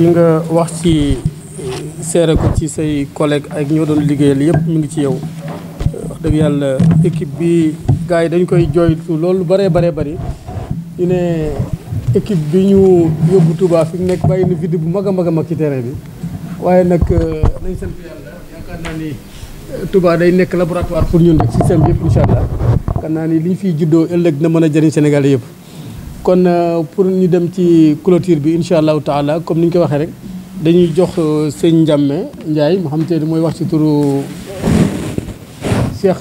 ñu nga wax ci euh, seere ko ci say collègue ak ñoo doon liggéeyal yëpp mu ngi ci yow dëgg yàlla équipe bi gars yi dañ koy jooytu loolu bëree baree bari ñu ne équipe bi ñu yóbbu tubaa fi mu nekk bàyyi na vide bu mag a mag a mag ci terrain bi waaye nag euh, nañ sant yàlla yaakaar naa ni euh, Touba day nekk laboratoire pour ñu rek système bi yëpp incha allah yaakaar naa ni li ñu fiy juddoo ëllëg na mën a jëriñ Sénégal yëpp kon euh, pour ñu dem ci clôture bi incha allahu taala comme ni ñu ko waxee rek dañuy jox euh, sëñ Ndiame Ndiaye mu xam ne mooy wax ci turu Cheikh.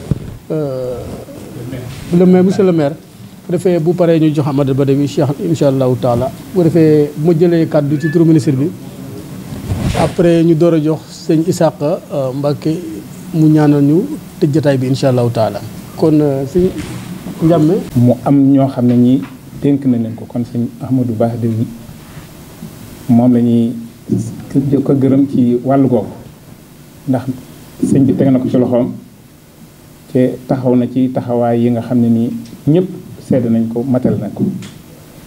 Euh, le maire monsieur le maire. bu defee paree ñu jox Amadou Ba bi Cheikh incha allahu taala bu defee mu jëlee kàddu ci turu ministre bi après ñu door a jox sëñ Isaka Mbacke mu ñaanal ñu tëj jotaay bi incha allahu taala kon sëñ Ndiame. mu am ñoo xam ne ñii. dénk nañ leen ko kon sëñ Ahmadou baax de moom la ñuy ko gërëm ci wàllu googu ndax sëñ bi teg na ko ci loxoom te taxaw na ci taxawaay yi nga xam ne nii ñëpp sedd nañ ko matal nañ ko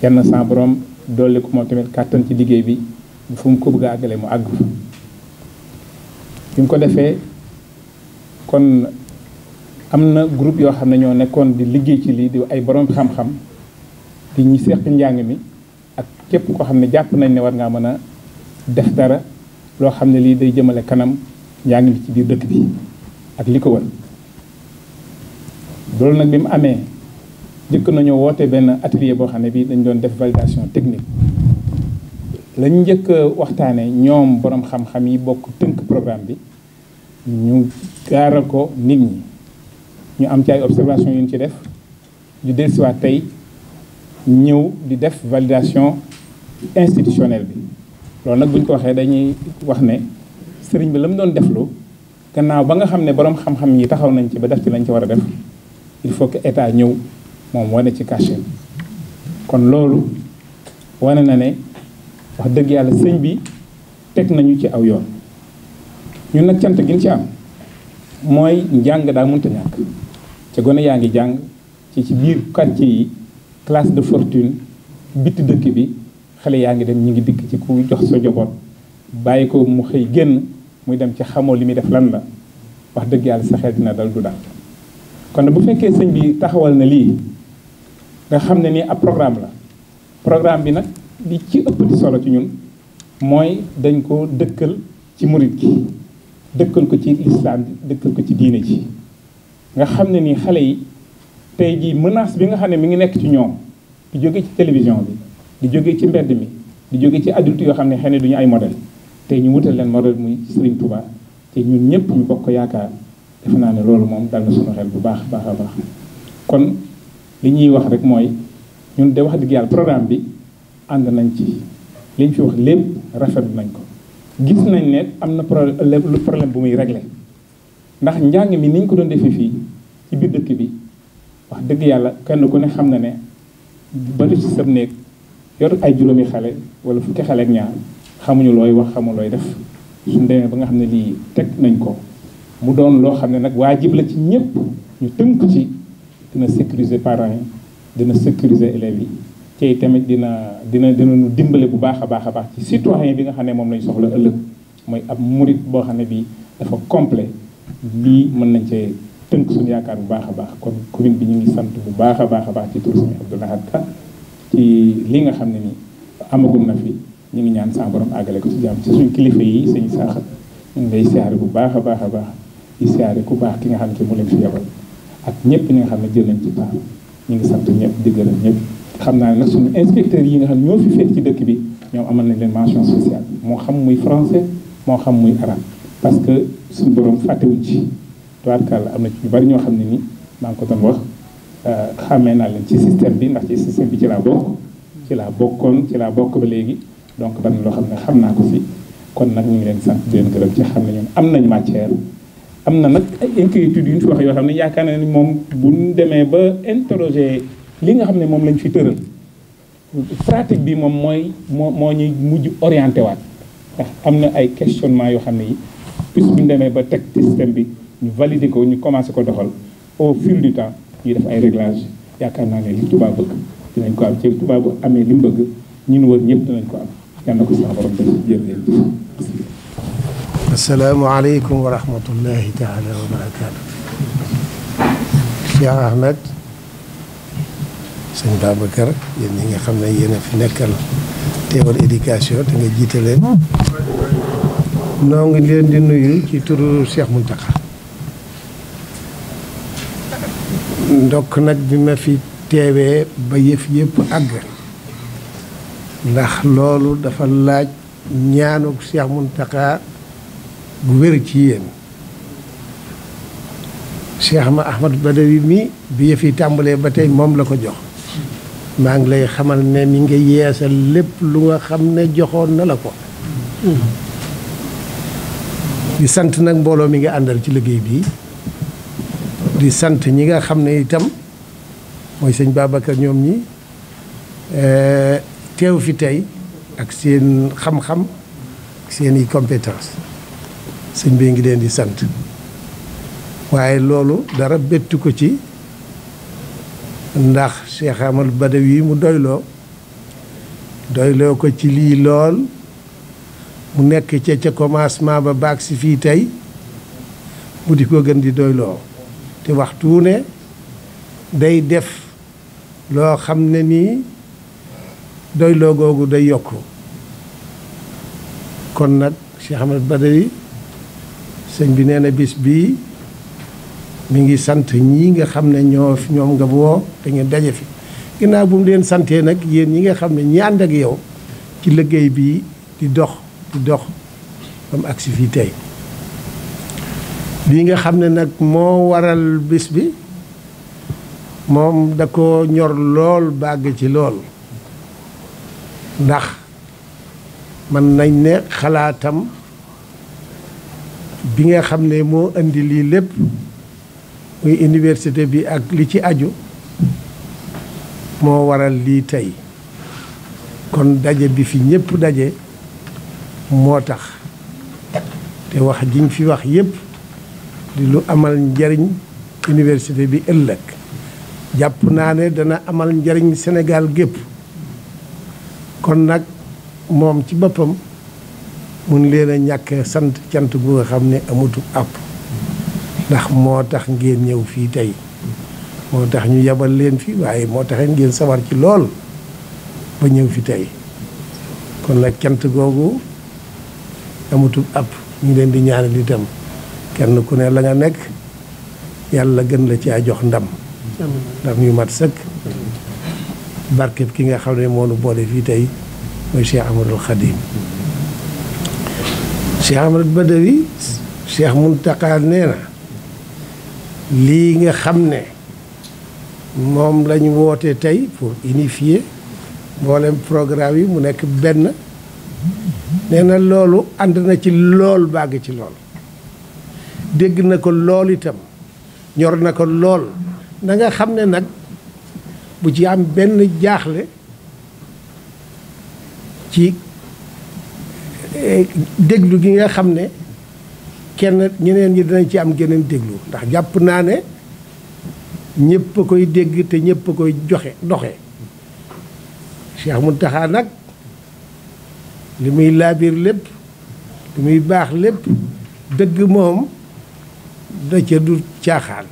yal na sa borom dolli ko moo tamit kàttan ci liggéey bi fu mu ko bëgg àggale mu àgg fa bi mu ko defee kon am na groupe yoo xam ne ñoo nekkoon di liggéey ci lii di ay borom xam-xam di ñu seq njàng mi ak képp koo xam ne jàpp nañ ne war ngaa mën a def dara loo xam ne lii day jëmale kanam njàng mi ci biir dëkk bi ak li ko wër loolu nag bi mu amee jëkk nañoo woote benn atelier boo xam ne bii dañ doon def validation technique lañ njëkk waxtaane ñoom boroom xam-xam yi bokk tënk programme bi ñu gaaral ko nit ñi ñu am ci ay observation yu ñu ci def ñu dellusiwaat tey ñëw di def validation institutionnelle bi loolu nag buñ ko waxee dañuy wax ne sëriñ bi lam mu doon deflu gannaaw ba nga xam ne boroom xam-xam yi taxaw nañ ci ba def ci lañ ci war a def il faut que état ñëw moom wane ci cachet kon loolu wane na ne wax dëgg yàlla sëñ bi teg nañu ci aw yoon ñun nag cant gi ci am mooy njàng daa mënta ñàkk ca gone yaa ngi jàng ci ci biir quartier yi classe de fortune bitti dëkk bi xale yaa ngi dem ñu ngi dikk ci ku jox sa joboot bàyyi ko mu xëy génn muy dem ci xamoo li muy def lan la wax dëgg yàlla sa xel dina dal du daal kon bu fekkee sëñ bi taxawal na lii nga xam ne ni ab programme la programme bi nag li ci ëpp di solo ci ñun mooy dañ ko dëkkal ci murit gi dëkkal ko ci lislaam bi dëkkal ko ci diine ji nga xam ne nii xale yi tey jii menace bi nga xam ne mi ngi nekk ci ñoom di jóge ci télévision bi di jóge ci mbedd mi di jóge ci adulte yoo xam ne xëy na duñu ay modèle tey ñu wutal leen modèle muy Serigne Touba te ñun ñëpp ñu bokk ko yaakaar defe naa ne loolu moom dal na sunu xel bu baax baax a baax kon li ñuy wax rek mooy ñun de wax dëgg yàlla programme bi ànd nañ ci liñ fi wax lépp rafetlu nañ ko gis nañ ne am na problème problème bu muy réglé ndax njàng mi ni ñu ko doon defee fii ci biir dëkk bi wax dëgg yàlla kenn ku ne xam na ne bari ci sab néeg yor ay juróomi xale wala fukki xale ak ñaar xamuñu looy wax xamu looy def suñ demee ba nga xam ne lii teg nañ ko mu doon loo xam ne nag waajib la ci ñëpp ñu tënk ci dina sécuriser parent yi dina sécuriser élèves yi tey tamit dina dina dina ñu dimbale bu baax a baax a baax ci citoyen bi nga xam ne moom lañ soxla ëllëg mooy ab murit boo xam ne bii dafa complet lii mën nañ cee tënk suñu yaakaar bu baax a baax kon commune bi ñu ngi sant bu baax a baax a baax ci tur suñu Abdou Lahad ci li nga xam ne nii amagum na fi ñu ngi ñaan sa borom àggale ko ci jàmm ci suñu kilifa yi sëñ saax ñu ngi lay siyaare bu baax a baax a baax di siyaare ku baax ki nga xam ne mu leen fi yebal ak ñëpp ñi nga xam ne jël nañ ci baax ñu ngi sant ñëpp di gërëm ñëpp xam naa ne nag suñu inspecteurs yi nga xam ne ñoo fi fekk ci dëkk bi ñoom amal nañ leen mention spéciale moo xam muy français moo xam muy arabe parce que suñu borom fàttewuñ ci tubaarkàlla am na ci ñu bari ñoo xam ne nii maa ngi ko doon wax euh, xàmmee naa leen ci système bi ndax ci système bi ci laa bokk ci laa bokkoon ci laa bokk ba léegi donc ban loo xam ne xam naa ko fi kon nag ñu ngi leen sant di leen gërëm ci xam ne ñoom am nañ matière am na nag ay inquiétudes yu ñu fi wax yoo xam ne yaakaar na ni moom bu ñu demee ba interroger li nga xam ne moom lañ fi tëral pratique bi moom mooy moo moo ñuy mujj orienté waat ndax am na ay questionnement yoo xam ne yi plus demee ba teg système bi ñu valider ko ñu commencé ko doxal au fil du temps ñu def ay réglage yaakaar naa ne li Touba bëgg dinañ ko am ci tuba bu amee li mu bëgg ñun wër ñëpp dinañ ko am yàlla ko sax borom dañ jërëjëf alaykum wa rahmatullahi taala wa وبركاته Cheikh Ahmed sëñ Babacar yéen ñi nga xam ne yéen a fi nekkal teewal éducation te nga jiite leen noo ngi leen di nuyu ci turu Cheikh Mountakha ndokk nag bi ma fi teewee ba yëf yépp àgg ndax loolu dafa laaj ñaanu ñaanug Cheikh Mountakha bu wér ci yéen Cheikh ma Ahmad Badawi mi bi yëf yi tàmbalee ba tey moom la ko jox maa ngi lay xamal ne mi nga yeesal lépp lu nga xam ne joxoon na la ko mm-hmm. di sant nag mbooloo mi nga àndal ci liggéey bi di sant ñi nga xam ne itam mooy sëñ Babacar ñoom ñi eh, teew fi tey ak seen xam-xam seen compétence sëñ bi ngi leen di sant waaye loolu dara bettu ko ci ndax Cheikh Amadou Badawi mu doyloo doyloo ko ci lii lool mu nekk ca ca commencement ba baag si fii tey mu di ko gën di doyloo te waxtu ne day def loo xam ne nii doy googu day yokk kon nag Cheikh Ahmed Badari sëñ bi nee na bis bi mu ngi sant ñi nga xam ne ñoo ñoom nga woo te ngeen daje fi ginnaaw bu mu leen santee nag yéen ñi nga xam ne ñi ànd ak yow ci liggéey bi di dox di dox am agsi fii tey lii nga xam ne nag moo waral bis bi moom da ko ñor lool bàgg ci lool ndax mën nañ ne xalaatam bi nga xam ne moo indi lii lépp muy université bi ak li ci aju moo waral lii tey kon daje bi fi ñëpp daje moo tax te wax jiñ fi wax yépp lu amal njariñ université bi ëllëg jàpp naa ne dana amal njariñ Sénégal gépp kon nag moom ci boppam mun leen a ñàkk sant cant bu xam ne amatu àpp ndax moo tax ngeen ñëw fii tey moo tax ñu yabal leen fi waaye moo taxee ngeen sawar ci lool ba ñëw fi tey kon nag cant googu amatu àpp ñu leen di ñaanal itam kenn ku ne la nga nekk yàlla gën la ci ajox ndam ndam yu mat sëkk barkeb ki nga xam ne moo nu boole fii tey mooy Cheikh Ahmadul Khadim Cheikh Ahmadul Badawi Cheikh Muntaqa nee na lii nga xam ne moom lañu woote tey pour unifier mboolem programme yi mu nekk benn nee na loolu ànd na ci lool bàgg ci lool dégg na ko lool itam ñor na ko lool na nga xam ne nag bu ci am benn jaaxle ci eh, déglu gi nga xam ne kenn ñeneen ñi dinañ ci am geneen déglu ndax jàpp naa ne ñépp a koy dégg te ñëpp a koy joxe doxe Cheikh Mountakha nag li muy laabir lépp li muy baax lépp dëgg moom da ca du caaxaan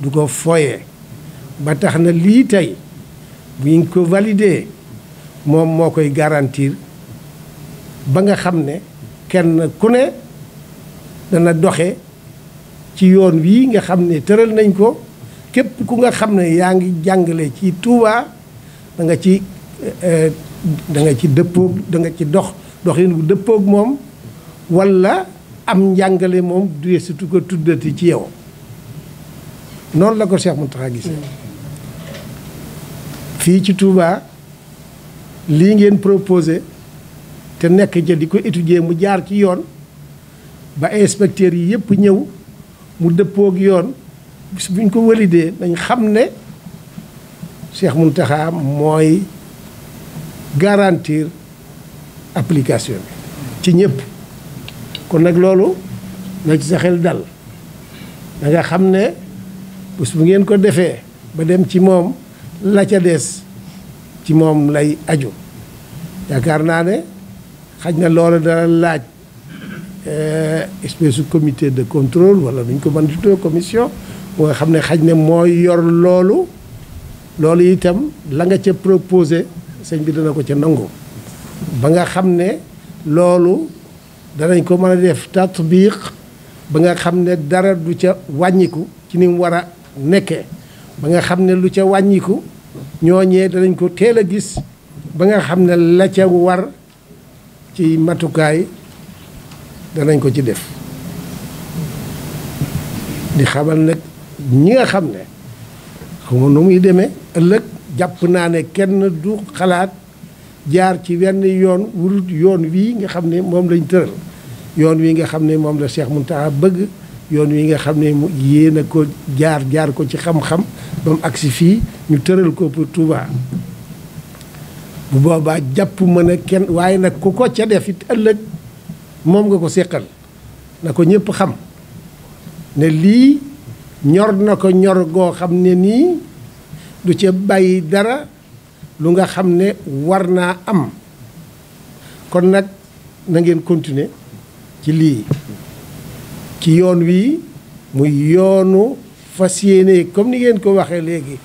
du ko foye ba tax na lii tey bu ñu ko valide moom moo koy garantir ba nga xam ne kenn ku ne dana doxe ci yoon wii nga xam ne tëral nañ ko képp ku nga xam ne yaa ngi jàngale ci Touba danga ci eh, danga ci dëppoog da ci dox doxin bu dëppoog moom walla am njàngale moom du surtout ko tuddati ci yow noonu la ko Cheikh Mountakha gisee fii ci Touba lii ngeen proposé te nekk ca di ko étudier mu jaar ci yoon ba inspecteurs yi yëpp ñëw mu dëppook yoon bis buñ ko walidee dañ xam ne Cheikh Mountakha mooy garantir application bi ci ñëpp kon nag loolu na ci sa xel dal da nga xam ne bés bu ngeen ko defee ba dem ci moom la ca des ci moom lay aju yaakaar naa ne xaj na loolu dana laaj eh, espèce su comité de contrôle wala nuñ ko mën di tuddee commission bu nga xam ne xaj ne mooy yor loolu loolu itam la nga ca proposé sëñ bi dana ko ca nangu ba nga xam ne loolu danañ ko mën a def tatbiq ba nga xam ne dara du ca wàññiku ci ni mu war a nekkee ba nga xam ne lu ca wàññiku ñooñee danañ ko teel a gis ba nga xam ne la ca war ci matukaay danañ ko ci def di xamal nag ñi nga xam ne xaw ma nu muy demee ëllëg jàpp naa ne kenn du xalaat jaar ci wenn yoon wurut yoon wii nga xam ne moom lañ tëral yoon wi nga xam ne moom la mun Mountakha bëgg yoon wi nga xam ne mu yéen a ko jaar jaar ko ci xam-xam ba mu agsi fii ñu tëral ko pour Touba bu boobaa jàpp ma ne kenn waaye nag ku ko ca def it ëllëg moom nga ko séqal na ko ñépp xam ne lii ñor na ko ñor goo xam ne nii du ca bàyyi dara lu nga xam ne war naa am kon nag nangeen ngeen continuer ci lii ci yoon wii muy yoonu fas yéene comme ni ngeen ko waxee léegi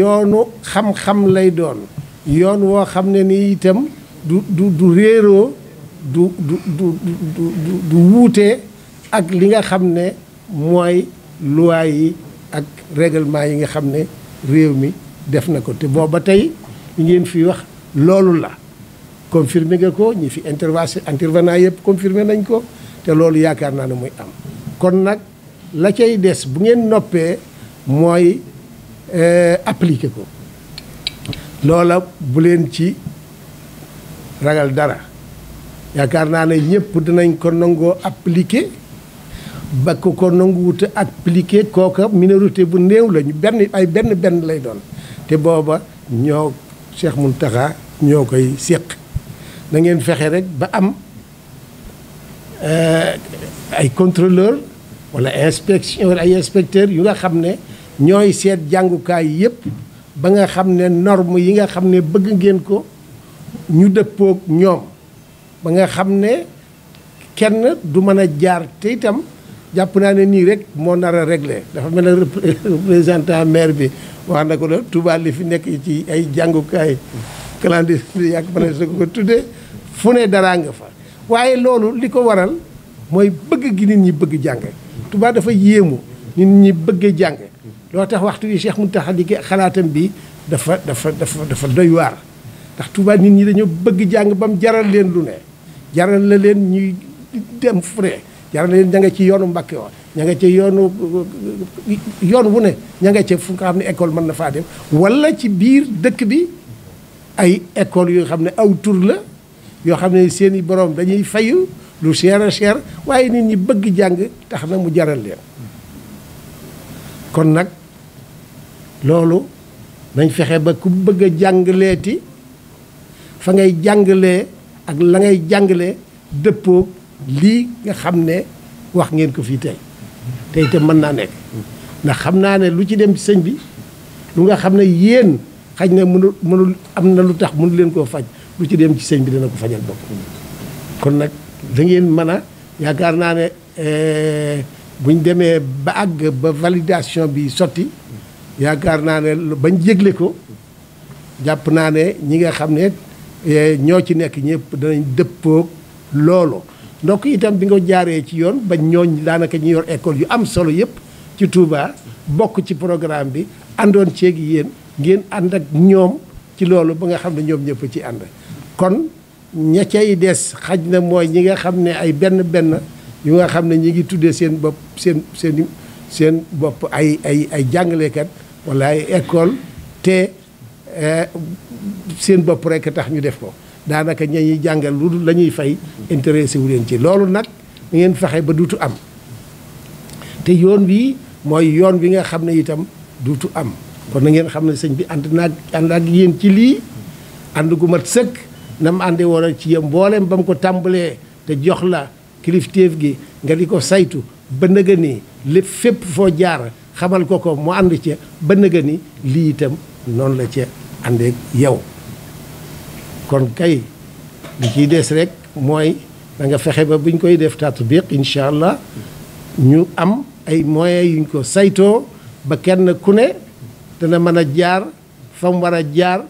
yoonu xam-xam lay doon yoon woo xam ne ni itam du du du réeroo du du du du du wuute ak li nga xam ne mooy loi yi ak règlement yi nga xam ne réew mi def na ko te booba tey li ngeen fi wax loolu la confirmé nga ko ñi fi intervention intervenant yëpp confirmé nañ ko te loolu yaakaar naa ne muy am kon nag la cay des bu ngeen noppee mooy eh, appliqué ko loola bu leen ci ragal dara yaakaar naa ne ñëpp dinañ ko nangoo appliqué bakk ko ko ak appliqué kooka minorité bu néew lañu benn ay benn benn lay doon te booba ñoo Cheikh Mountakha ñoo koy séq na ngeen fexe rek ba am euh, ay contrôleur wala inspection ay inspecteur yu nga xam ne ñooy seet jàngukaay yépp ba nga xam ne norme yi nga xam ne bëgg ngeen ko ñu dëppook ñoom ba nga xam ne kenn du mën a jaar te itam jàpp naa ne nii rek moo nar a réglé dafa mel ne représentant maire bi wax na ko la Touba li fi nekk ci ay jàngukaay clandestin yàgg mën na ko tuddee fu ne daraa nga fa waaye loolu li ko waral mooy bëgg gi nit ñi bëgg jàng Touba dafa yéemu nit ñi bëgg jàng loo tax waxtu bi Cheikh Mountakha li xalaatam bi dafa dafa dafa dafa doy waar ndax Touba nit ñi dañoo bëgg jàng ba mu jaral leen lu ne jaral la leen ñuy dem fu yar na leen nga ci yoonu Mbàkke wa ña nga ci yoonu yoon wu ne ña nga ci fu nga xam ne école mën na faa dem wala ci biir dëkk bi ay école yoo xam ne aw tur la yoo xam ne seeni i borom dañuy fayu lu cher a cher waaye nit ñi bëgg jàng tax na mu jaral leen kon nag loolu nañ fexe ba ku bëgg a jàngaleeti fa ngay jàngalee ak la ngay jàngalee dëppoo lii nga xam ne wax ngeen ko fii tey tey te mën naa nekk ndax xam naa ne lu ci dem ci sëñ bi lu nga xam ne yéen xaj na mënu mënul am na lu tax mënu leen koo faj lu ci dem ci sëñ bi dana ko fajal bopp kon nag da ngeen mën a yaakaar naa ne eh, buñ demee ba àgg ba validation bi sotti yaakaar naa ne bañ jégle ko jàpp naa ne ñi nga xam ne eh, ñoo ci nekk ñëpp danañ dëppoog loolu donc itam bi nga jaaree ci yoon ba ñooñ daanaka ñu yor école yu am solo yëpp ci Touba bokk ci programme bi àndoon ceeg yéen ngeen ànd ak ñoom ci loolu ba nga xam ne ñoom ñëpp ci ànd kon ña cay des xaj na mooy ñi nga xam ne ay benn benn yu nga xam ne ñi ngi tuddee seen bopp seen seen seen bopp ay ay ay jàngalekat wala ay école te eh, seen bopp rek tax ñu def ko daanaka ña ñuy jàngal lu dul la fay intéressé wu leen ci loolu nag da ngeen fexe ba duutu am te yoon wi mooy yoon wi nga xam ne itam duutu am kon na ngeen xam ne sëñ bi ànd naag ànd ak yéen ci lii ànd gu mat sëkk na mu àndee woon ci yéen mbooleem ba mu ko tàmbalee te jox la kilifteef gi nga di ko saytu bënn nëga lépp fépp foo jaar xamal ko ko mu ànd ca ba nëga lii itam noonu la ca àndeeg yow. kon kay li ciy des rek mooy danga fexe ba buñ koy def tatbiq incha allah ñu am ay moyens yuñ ko saytoo ba kenn ku ne dana mën a jaar fam mu war a jaar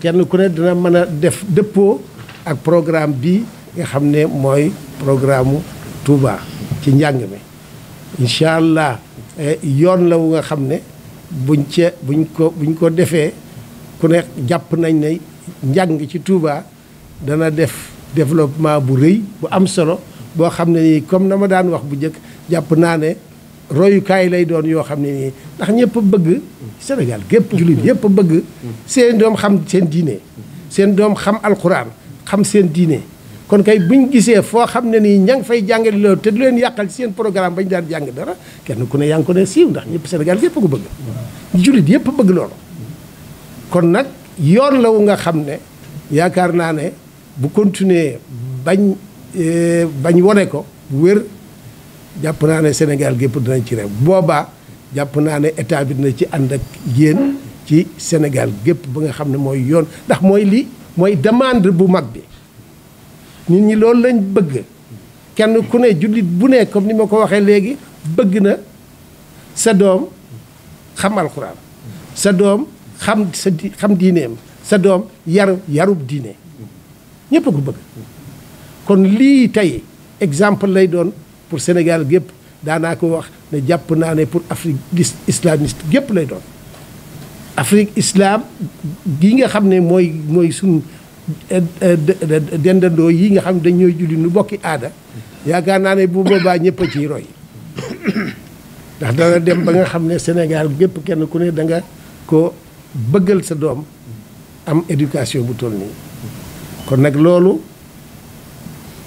kenn ku ne dana mën a def dëppoo ak programme bi nga xam ne mooy programme Touba ci njàng mi incha allah eh, yoon la wu nga xam ne buñ ce buñ ko buñ ko defee ku ne jàpp nañ ne njàng ci Touba dana def développement bu rëy bu am solo boo xam ne nii comme na ma daan wax bu njëkk jàpp naa ne royukaay lay doon yoo xam ne nii ndax ñëpp bëgg Sénégal gépp jullit yëpp bëgg seen doom xam seen diine seen doom xam alquran xam seen diine kon kay buñ gisee foo xam ne nii ña ngi fay jàngale leen yàqal seen programme bañ daan jàng dara kenn ku ne yaa ne siiw ndax ñëpp Sénégal yëpp ko bëgg jullit yëpp bëgg loolu kon nag yoon la wu nga xam ne yaakaar naa ne bu continuer bañ eh, bañ wone ko bu wér jàpp naa ne Sénégal gépp dinañ ci réew boobaa jàpp naa ne état bi dina ci ànd ak yéen ci Sénégal gépp ba nga xam ne mooy yoon ndax mooy lii mooy demande bu mag bi nit ñi loolu lañ bëgg kenn ku ne jullit bu ne comme ni ma ko waxee léegi bëgg na sa doom xam alxuraan sa doom xam sa di xam diineem sa doom yar yarub diine ñëpp a ko bëgg kon lii tey exemple lay doon pour Sénégal gépp daanaa ko wax ne jàpp naa ne pour Afrique islamiste gépp lay doon Afrique islaam gi nga xam ne mooy mooy suñu eh, eh, dendandoo yi nga xam ne dañooy julli nu bokki aada yaakaar naa ne bu boobaa ñëpp a ciy roy ndax dana dem ba nga xam ne Sénégal gépp kenn ku ne da ko bëggal sa doom am éducation bu toll nii kon nag loolu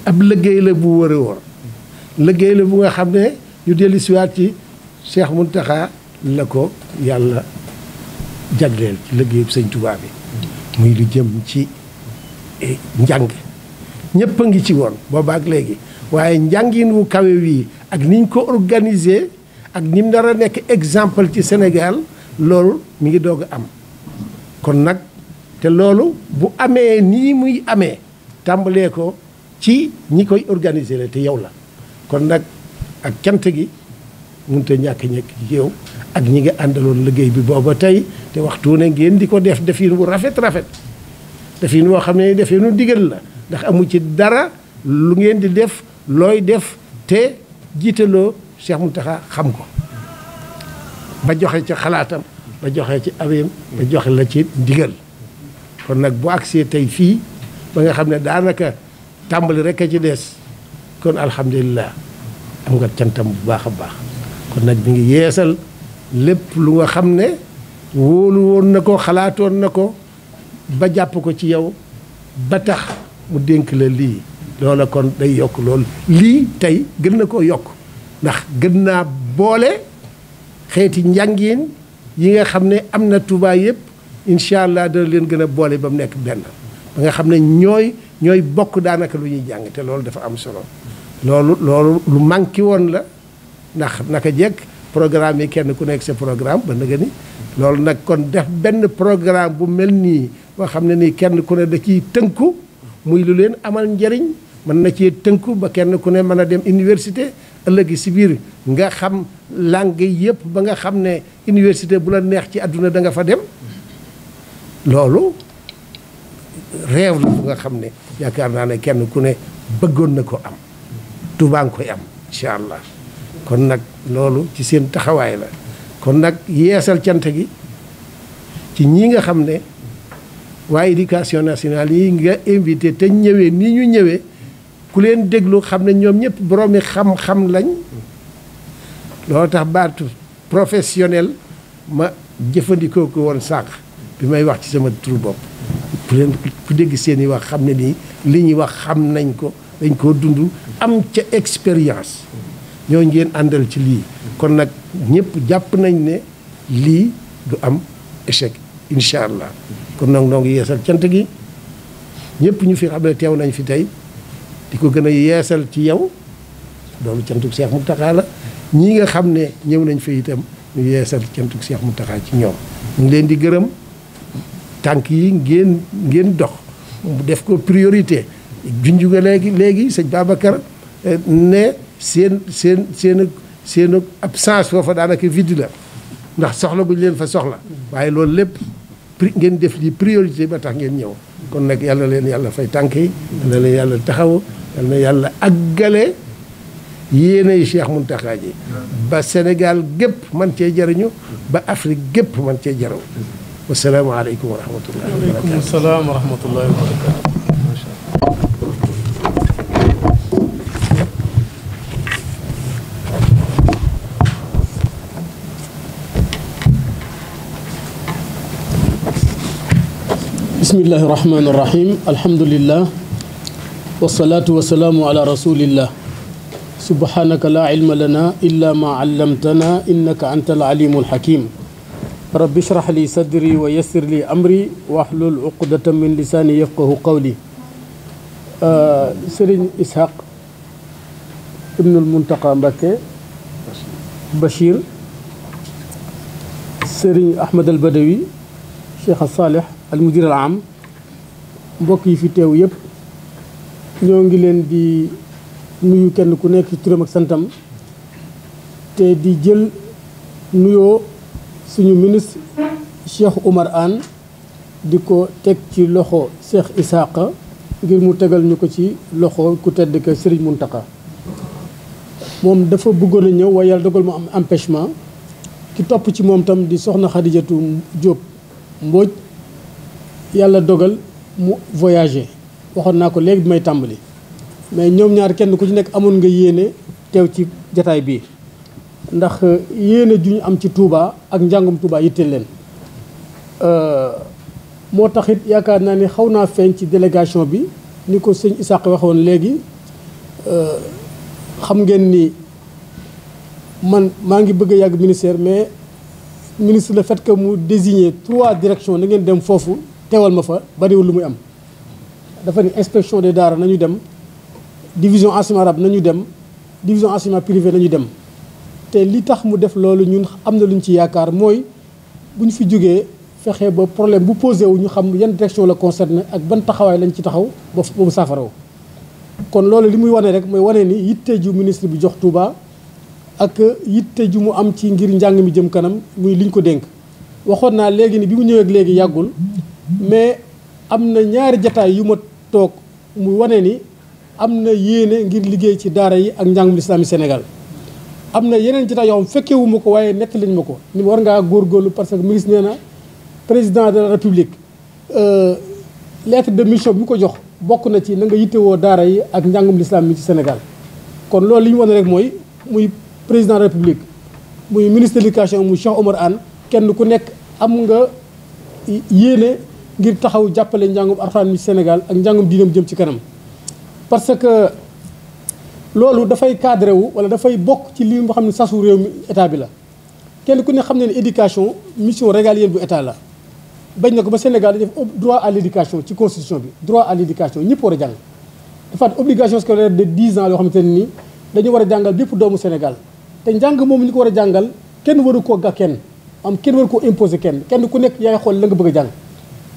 ab liggéey la bu wër a wër la bu nga xam ne ñu dellu siwaat ci Cheikh Mountakha la ko yàlla jagleel ci liggéey sëñ Tuubaa bi muy lu jëm ci e, njàng ñëpp a ngi ci woon boobaak léegi waaye njàngin wu kawe wii ak niñ ko organiser ak nim dara nekk exemple ci Sénégal loolu mi ngi doog a am kon nag te loolu bu amee nii muy amee tàmbalee ko ci ñi koy organiser la te yow la kon nag ak cant gi mënut te ñàkk ñekk yow ak ñi ngi àndaloon liggéey bi booba tey te waxtu ne ngeen di ko def defin bu rafet rafet defin woo xam ne definu digal la ndax amu ci dara lu ngeen di def looy def te jiitaloo Cheikh Mountakha xam ko ba joxe ca xalaatam ba joxe ci abeem ba joxe la ci ndigal kon nag bu agsee tey fii ba nga xam ne daanaka tàmbali rek a ci des kon alhamdulilah am nga cantam bu baax a baax kon nag mi ngi yeesal lépp lu nga xam ne wóolu na ko xalaatoon na ko ba jàpp ko ci yow ba tax mu dénk la lii loola kon day yokk lool lii tey gën na koo yokk ndax gën naa boole xeeti njàngiin yi nga xam ne am na Touba yëpp incha allah dana leen gën a boole ba mu nekk benn ba nga xam ne ñooy ñooy bokk daanaka lu ñuy jàng te loolu dafa am solo loolu loolu lu manqué woon la ndax naka jekk programme yi kenn ku nekk sa programme ba nga loolu nag kon def benn programme bu mel nii boo xam ne nii kenn ku ne da ciy tënku muy lu leen amal njariñ mën na cee tënku ba kenn ku ne mën a dem université ëllëgi si biir nga xam langue yëpp ba nga xam ne université bu la neex ci àdduna da nga fa dem loolu réew la bu nga xam ne yaakaar naa ne kenn ku ne bëggoon na ko am Tuubaa koy am incha allah kon nag loolu ci seen taxawaay la kon nag yeesal cant gi ci ñi nga xam ne waaye éducation nationale yi nga invité te ñëwee nii ñu ñëwee ku leen déglu xam ne ñoom ñëpp boroomi xam-xam lañ loolu tax baatu professionnel ma jëfandikoo ko woon sànq bi may wax ci sama turu bopp ku leen ku dégg seen i wax xam ne nii li ñuy wax xam nañ ko dañ koo dund am ca expérience ñoo ngeen àndal ci lii kon nag ñëpp jàpp nañ ne lii du am échec incha allah kon nag noo yeesal cant gi ñëpp ñu fi xam ne teew nañ fi tey di ko gën a yeesal ci yow loolu cantuk Cheikh Mountakha la ñii nga xam ne ñëw nañ fa itam ñu yeesal cantuk Cheikh Mountakha ci ñoom ñu ngi leen di gërëm tànk yi ngeen ngeen dox def ko priorité junj nga léegi léegi sëñ Babacar eh, ne seen seen seen seen absence foofa daanaka vide la ndax soxla guñ leen fa soxla waaye loolu lépp ngeen def li priorité ba tax ngeen ñëw kon nag yàlla leen yàlla fay tànk yi. na leen yàlla taxaw يلا يلا أجله يني شيخ منتخاجي بسنغال جب من تيجرنيو بأفريق جب من تيجرو والسلام عليكم ورحمة الله عليكم السلام ورحمة الله وبركاته بسم الله الرحمن الرحيم الحمد لله والصلاة والسلام على رسول الله سبحانك لا علم لنا إلا ما علمتنا إنك أنت العليم الحكيم رب اشرح لي صدري ويسر لي أمري واحلل عقدة من لساني يفقه قولي آه سرين إسحاق ابن المنتقى مبكي بشير سرين أحمد البدوي شيخ الصالح المدير العام mudir في تيو ñoo ngi di nuyu kenn ku nekk ci turam ak santam te di jël nuyoo suñu ministre Cheikh omar an di ko teg ci loxo Cheikh isaaq ngir mu tegal ñu ko ci loxo ku tedd ka Serigne Muntaka Mom dafa bëggoon a ñëw waaye dogal mu am empêchement ki topp ci moom tam di soxna Xadijatu job Mbooj yàlla dogal mu voyager waxoon naa ko léegi bi may tàmbali mais ñoom ñaar kenn ku ci nekk amoon nga yéene teew ci jataay bii ndax euh, yéene ju ñu am ci Touba ak njàngum Touba yitteel leen euh, moo taxit yaakaar naa ni xaw naa feeñ ci délégation bi ni ko sëñ Isaac waxoon léegi euh, xam ngeen ni man maa ngi bëgg a yàgg ministère mais ministre le fait que mu désigner trois directions da ngeen dem foofu teewal ma fa bariwul lu muy am dafa ni inspection des daara nañu dem division enseignement arabe nañu dem division enseignement privé nañu dem te li tax mu def loolu ñun am na lu ñu ci yaakaar mooy bu ñu fi jógee fexe ba problème bu posé wu ñu xam yan direction la concerné ak ban taxawaay lañ ci taxaw ba ba mu saafaraw kon loolu li muy wane rek mooy wane ni yitte ju ministre bi jox Touba ak yitte ju mu am ci ngir njàng mi jëm kanam muy liñ ko dénk waxoon naa léegi ni bi mu ñëweek léegi yàggul mais am na ñaari jataay yu ma toog mu wane ni am na yéene ngir liggéey ci daara yi ak njàngum lislaami Sénégal am na yeneen ci tax yoo xam ma ko waaye nekk lañ ma ko ni war ngaa góorgóorlu parce que ministre nee na président de la république euh, lettre de mission bi mu ko jox bokk na ci na nga yittewoo daara yi ak njàngum lislaam mi ci Sénégal kon loolu li ñu wane rek mooy muy président de la république muy ministre de mu muy Cheikh Omar Anne kenn ku nekk am nga yéene ngir taxaw jàppale njàngum arxuraan mi Sénégal ak njàngum diinam jëm ci kanam parce que loolu dafay cadré wu wala dafay bokk ci li nga xam ne sasu réew mi état bi la kenn ku ne xam ne ne éducation mission régalienne bu état la bañ ko ba Sénégal dañu def droit ci constitution bi droit à l' ñëpp war a jàng dafa am obligation scolaire de 10 yoo xamante ne nii dañu war a jàngal bépp doomu Sénégal te njàng moom ñu ko war a jàngal kenn waru koo ga kenn am kenn waru koo imposer kenn kenn ku nekk yaay xool la nga bëgg a jàng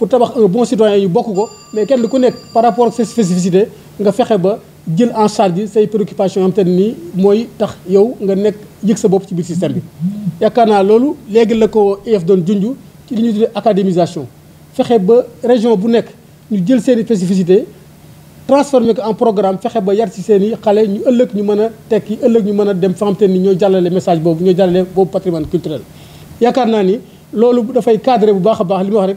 pour tabax un bon citoyen yu bokk ko mais kenn ku nek par rapport ak sa spécificités nga fexé ba jël en charge say préoccupations am te ni moy tax yow nga nek yëg sa bopp ci biir système bi. yaakaar lolu légui léegi la ko IEF doon junj ci li ñuy tuddee académisation fexé ba région bu nek ñu jël ses spécificités transformer ko en programme fexé ba yar ci seen i xale ñu ëlëk ñu mëna a tekki ëlëk ñu mëna dem fa xam ni ñoo jallalé message bobu ñoo jallalé bobu patrimoine culturel. yakarna ni ni da fay cadré bu baax baax li wax rek.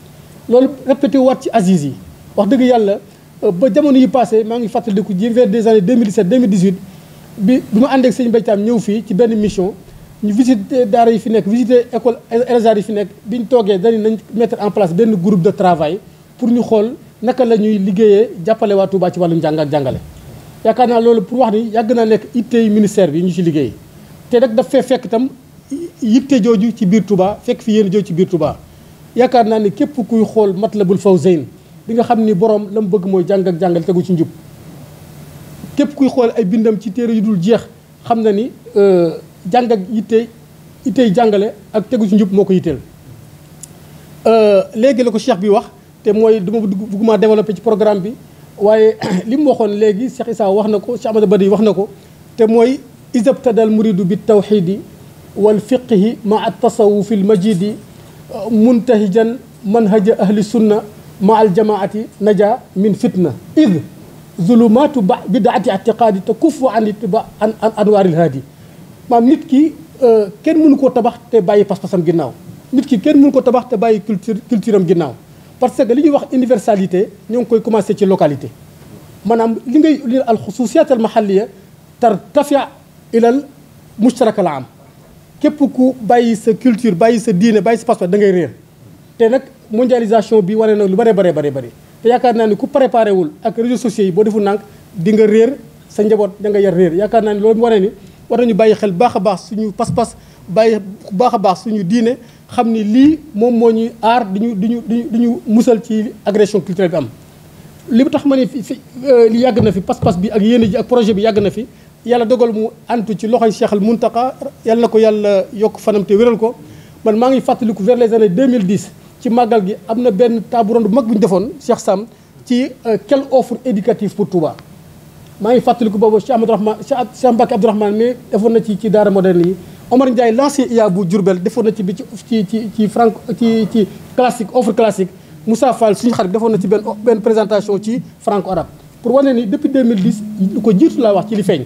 loolu répété waat ci Aziz yi wax dëgg yàlla euh, ba jamono yi passé maa ngi fàttaliku ji vers des années 2017 2018 bi bi ma ànd ak sëñ Baytaam ñëw fii ci benn mission ñu visité daara yi fi nekk visité école Elzar yi fi nekk bi ñu toogee dañu nañ mettre en place benn groupe de travail pour ñu xool naka la ñuy liggéeyee jàppale waa Touba ci wàllu jàng ak jàngale yaakaar naa loolu pour wax ni yàgg naa nekk ittey ministère bi ñu ci liggéey te nag daf fee fekk itam yitte jooju ci biir Touba fekk fi yéen jooju ci biir Touba yaakaar naa ne képp kuy xool Matlabul fawzain di nga xam ni borom la mu bëgg mooy jàng ak jàngal tegu ci njub képp kuy xool ay bindam ci téere yu dul jeex xam na ni jàng ak yitte yittey jàngale ak tegu ci njub moo ko yitteel. léegi la ko cheikh bi wax te mooy du ma développé ci programme bi waaye li mu waxoon léegi Cheikh Issa wax na ko Cheikh Ahmad Badi wax na ko te mooy isabtadal muridu bi tawxidi wal fiqhi ma at tasawufi al majidi منتهجا منهج أهل السنة مع الجماعة نجا من فتنة إذ ظلمات بدعة اعتقاد تكف عن اتباع عن أنوار الهادي ما نيت كي كين مونكو تباخ تي باي باس باسام غيناو نيت كي كين مونكو تباخ تي باي كولتور كولتورام غيناو باسكو لي واخ انيفرساليتي نيون كوي كومونسي سي لوكاليتي مانام لي غي الخصوصيات المحليه ترتفع الى المشترك العام képp ku bàyyi sa culture bàyyi sa diine bàyyi sa passeport da ngay réer te nag mondialisation bi wane na lu bare bare bare bëri te yaakaar naa ni ku préparé wul ak réseaux sociaux yi boo defu nànk di nga réer sa njaboot da nga yar réer yaakaar naa ni loolu wane ni war nañu bàyyi xel baax a baax suñu pas-pas bàyyi baax a baax suñu diine xam ni lii moom moo ñuy aar di ñu di ñu di ñu musal ci agression culturelle bi am. li tax ma ne fi euh, li yàgg na fi pas-pas bi ak yéene ji ak projet bi yàgg na fi. yàlla dogal mu antu ci loxoy Cheikh al Muntaka yàlla ko yàlla yok fanam te wéral ko man ma ngi fàttaliku vers les années 2010 ci magal gi amna ben benn table mag bu ñu Cheikh Sam ci quelle offre éducative pour Touba. ma ngi fàttaliku boobu Cheikh Amadou Rahman Cheikh Mbacke abdou rahman mais defoon na ci ci dara moderne yi Omar Ndiaye lancé iya bu Diourbel defoon na ci ci ci ci franc ci ci classique offre classique Moussa Fall suñu xarit defoon na ci ben ben présentation ci franco arabe pour wone ni depuis 2010 ko jiitu la wax ci li feeñ.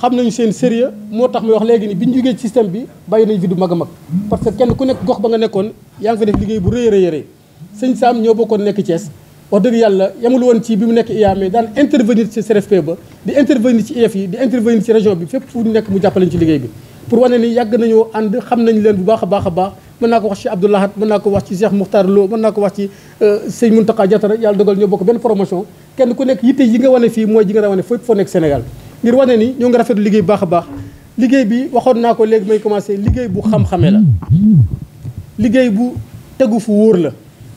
xam nañu seen sérieux moo tax may wax léegi ni bi ñu jógee ci système bi bàyyi nañ fi du mag a mag parce que kenn ku nekk gox ba nga nekkoon yaa ngi fa def liggéey nekk Thiès wax dëgg yàlla yamul mu nekk IAM daan intervenir ci CRFP ba di intervenir ci IEF yi di intervenir ci région bi fépp fu nekk mu jàppalañ ci liggéey bi pour a a baax mën naa ko wax ci Abdoulahat mën naa ko wax ci euh, nga wane fii mooy ji nga wane fépp nekk Sénégal ngir wone ni ñu nga rafetlu liggéey bu baax a baax liggéey bi waxoon naa ko léegi may commencé liggéey bu xam-xame la liggéey bu tegu fu wóor la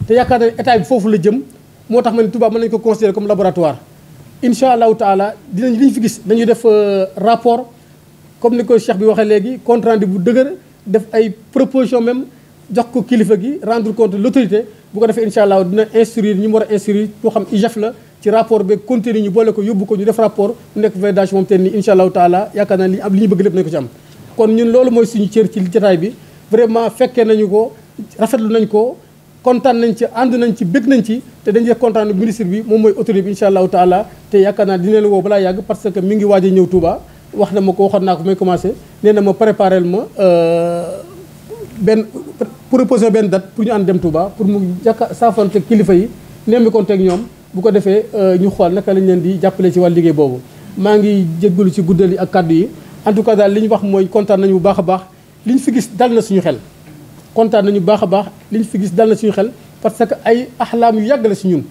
te yaakaar na état bi foofu la jëm moo tax ma ne Touba mën nañu ko considérer comme laboratoire incha allahu taala dinañ liñ fi gis dañuy def rapport comme ni ko cheikh bi waxee léegi compte rendu bu dëgër def ay proposition même jox ko kilifa gi rendre compte l'autorité bu ko defee incha allah dina instruire ñu mu war a instruire moo xam IJEF la ci rapport be contenu ñu boole ko yóbbu ko ñu def rapport mu nekk validation moom teen ni incha allahu taala yaakaar naa li ñu bëgg lépp nañ ko ci am kon ñun loolu mooy suñu cër ci jataay bi vraiment fekkee nañu ko rafetlu nañ ko kontaan nañ ci ànd nañ ci bëgg nañ ci te dañ def kontaan ministre bi moom mooy autorité bi incha allahu taala te yaakaar naa dina leen woo balaa yàgg parce que mi ngi waaj a ñëw Touba wax na ma ko waxoon naa ko may commencé nee na ma préparé ma euh, benn proposé benn date pour ñu ànd dem Touba pour mu jàkka saafante kilifa yi nemmi ñoom bu ko defee euh, ñu xool naka lañ leen di jàppale ci wàllu liggéey boobu maa ngi jéggalu ci guddal yi ak kàddu yi en tout cas daal li ñu wax mooy kontaan nañu bu baax a baax li ñu fi gis dal na suñu xel kontaan nañu bu baax a baax li ñu fi gis dal suñu xel parce que ay axlaam yu yàgg la si ñun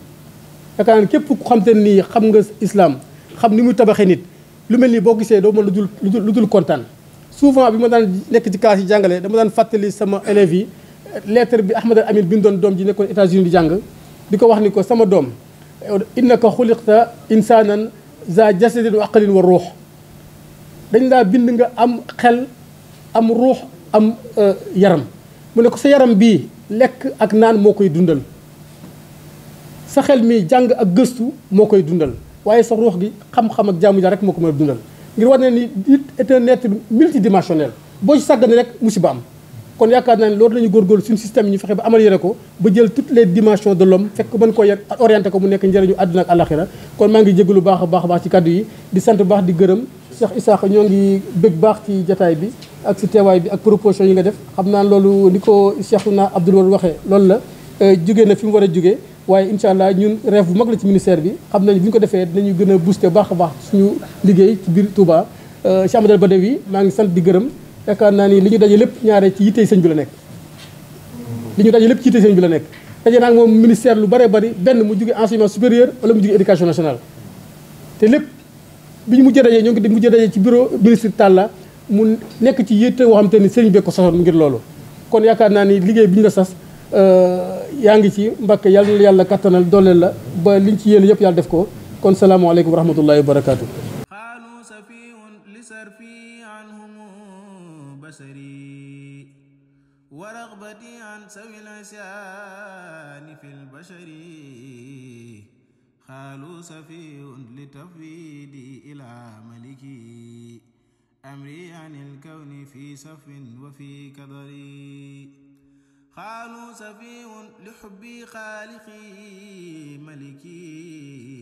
yaakaar naa képp ku xam te nii xam nga islam xam ni muy tabaxee nit lu mel nii boo gisee doo mën lu dul lu dul kontaan souvent bi ma daan nekk ci classe yi jàngale dama daan fàttali sama élèves yi lettre bi Ahmad Al Amin bi ñu doon doom ji nekkoon États-Unis di jàng di ko wax ni ko sama doom انك خلقت انسانا ذا جسد وعقل والروح دنج دا بند ام خل ام روح ام آه، يرم مونيكو سا يرم بي لك اك نان موكاي دوندال سا خل مي جانغ اك گستو موكاي دوندال وايي سا روح دي خم اك جامو رك موكو ما دوندال غير واني ني ات ان نيت ملتي ديماشونيل بو ساغني رك مصيبه kon yaakaar naa ne loolu la ñu góorgóorlu suñu système yi ñu fexe ba amélioré ko ba jël toutes les dimensions de fekk mën ko yeg orienté ko mu nekk njëriñu àdduna ak àlaxira kon maa ngi jégalu baax baax baax ci kàddu yi di sant baax di gërëm Cheikh Isaaxa ñoo ngi bëgg baax ci jataay bi ak si teewaay bi ak proposition yi nga def xam naa loolu ni ko Cheikhuna Abdoul Wahab waxee loolu la euh, jógee na fi mu war a jógee waaye incha allah ñun rêve bu mag la ci ministère bi xam nañ bu ñu ko defee dinañu gën a booster baax a baax suñu liggéey biir Touba euh, Cheikh Amadou Badawi maa ngi sant di gërëm yaakaar naa ni li ñu daje lépp ñaare ci yittey sëñ bi la nekk li ñu daje lépp ci yittey sëñ bi la nekk daje naa ak moom ministère lu baree bari benn mu jóge enseignement supérieur wala mu jóge éducation nationale te lépp bi ñu mujjee daje ñoo ngi mujjee daje ci bureau ministre tàlla mu nekk ci yitte woo xam te ni sëriñ bi ko sasoon ngir loolu kon yaakaar naa ni liggéey bi ñu la sas euh, yaa ngi ci mbàkk yàlla yàlla kattanal dooleel la ba liñ ci yéen yëpp yàlla def ko kon salaamaaleykum wa rahmatullahi wa ورغبتي عن سوي العصيان في البشر خالو سفي لتفيدي إلى ملكي أمري عن الكون في صف وفي كدري خالو سفي لحبي خالقي ملكي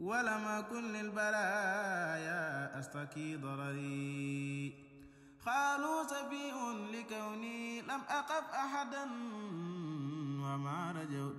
ولم أكن للبرايا أستكي ضرري قالوا سبيء لكوني لم أقف أحدا وما رجوت